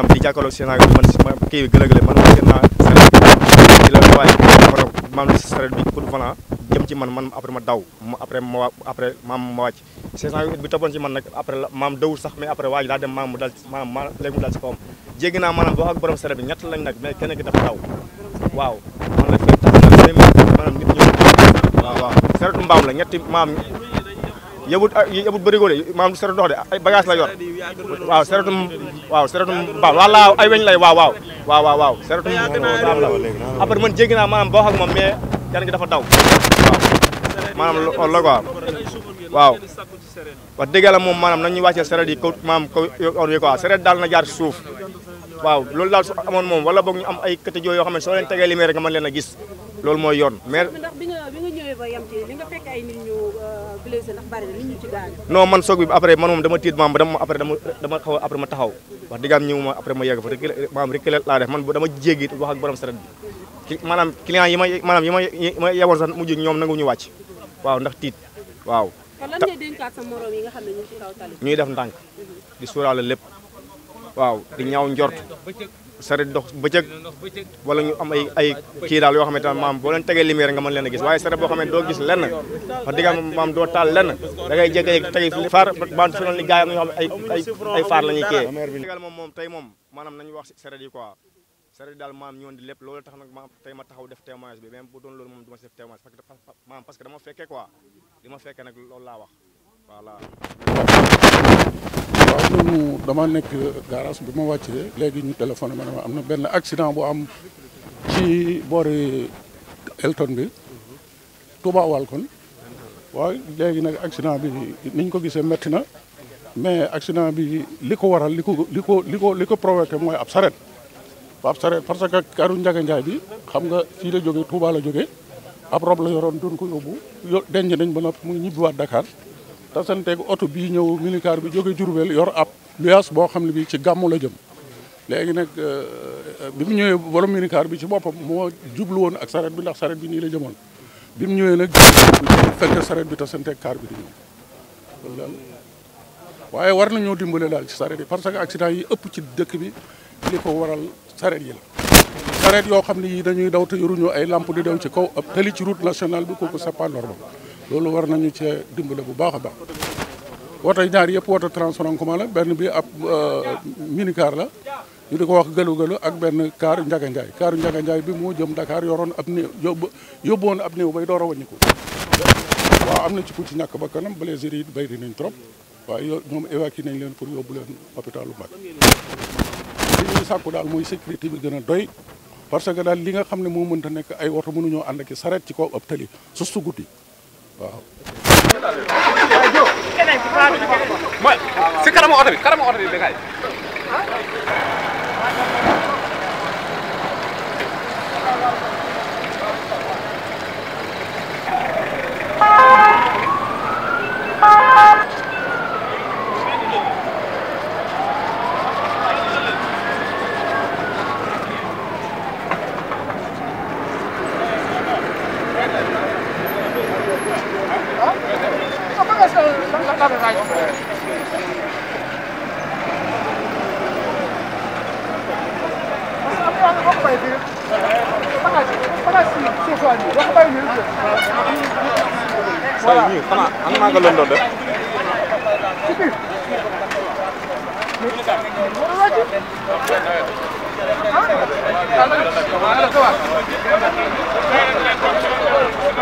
maanaam ci jàkkaarloog seen ma kii bi gëlëgële man ma gën naa saret ci la waaye war maanaam saret bi pour volant jëm ci man man après ma daw ma maam ma wàcc maam dawul sax mais après waa ji daa maam la fii nit ñëw waaw waaw mbaam la ñetti maam yëbut ah, yëbut bërigo de maanaam du seretu ndox de ay bagage la yor waaw seretu waaw seretu mbaam wala ay weñ lay waaw waaw waaw waaw waaw seretu mbaam la après man jéggi naa maanaam boo moom mais gi dafa daw waaw maanaam loolu oh, la waaw wax la moom maanaam nañuy wàccee sereet yi kaw maanaam kaw yoon yi daal na jaar si suuf waaw loolu daal su amoon moom wala boog ñu am ay catégorie yoo xam soo leen tegee lumière nga mën leen a gis loolu mooy yoon mais. ndax bi nga ñëwee ba yam ci li nga fekk ay nit ñu euh, blessé ndax bari na nit ñu ci gaañ. man soog bi après man moom dama tiit maam dama après dama dama xaw a après ma taxaw wax dëgg am ñëw ma après ma yegg fa rek maam rek laa def man dama jéggi wax ak borom saret bi maanaam client yi ma maanaam yi ma yi ma mu sax ñoom nangu ñu wàcc waaw ndax tiit waaw. kon lan ñuy def ndànk di suuraale lépp waaw di ñaaw njort saret dox bëccëg wala ñu am ay ay kii daal yoo xamante ne maam boo leen tegee lumière nga mën leen a gis waaye saret boo xamante doo gis lenn wax faar bant fi noonu ni gars ne ay faar la ñuy kiyee dëggal moom moom tey moom lépp loolu tax nag maam ma taxaw def témoignage bi même bu doon loolu moom du ma si def témoignage maam ñu dama nekk garage bi ma wàccee léegi ñu téléphone ma ne ma am na benn accident bu am ci boori Elton bi Touba wal kon waaw léegi nag accident bi niñ ko gisee métti na mais accident bi li ko waral li ko li ko li ko li ko provoqué mooy ab saret ab saret parce que karu Njaga Njaay bi xam nga fii la jógee Touba la jógee ab rob la yoroon dun ko yóbbu denc nañ ba noppi mu ngi ñibbiwaat Dakar tasanteeg oto bii ñëw minicar bi jóge Diourbel yor ab luyaas boo xam ne bii ci gàmmu la jëm léegi nag euh, bi mu ñëwee borom minicar bi ci boppam moo jublu woon ak saret bi ndax saret bi nii la jëmoon bi mu ñëwee nag fekk saret bi tasanteeg car bi di ñëw waaye war nañoo dimbale daal ci saret yi parce que accident yi ëpp ci dëkk bi li ko waral saret yi la saret yoo xam ne yi dañuy daw te yoruñu ay làmp di daw ci kaw ab tali ci route nationale bi kooku c'est loolu war nañu cee dimbale bu baax a baax woto ñaar yëpp woto transport en la benn bi ab euh, mini car la ñu di ko wax gëlu gëlu ak benn car Ndiaga Ndiaye car Ndiaga bi moo jëm Dakar yoroon ab néew yóbbu woon ab néew bay door a ko waaw am na ci ku ci ñàkk ba kanam blessés yi bëri nañ trop waaye yow ñoom évacué nañ leen pour yóbbu leen hôpital lu mag li ñuy sàkku daal mooy sécurité bi gën a doy parce que daal li nga xam ne moo mënta nekk ay woto mënuñoo ànd ak i ci kaw ab tali su su waaw. si kanamu oto bi kanamu oto bi Dobra, zajdzie. Voilà. xanaa am naa nga lëndoo de. ci biir. ah.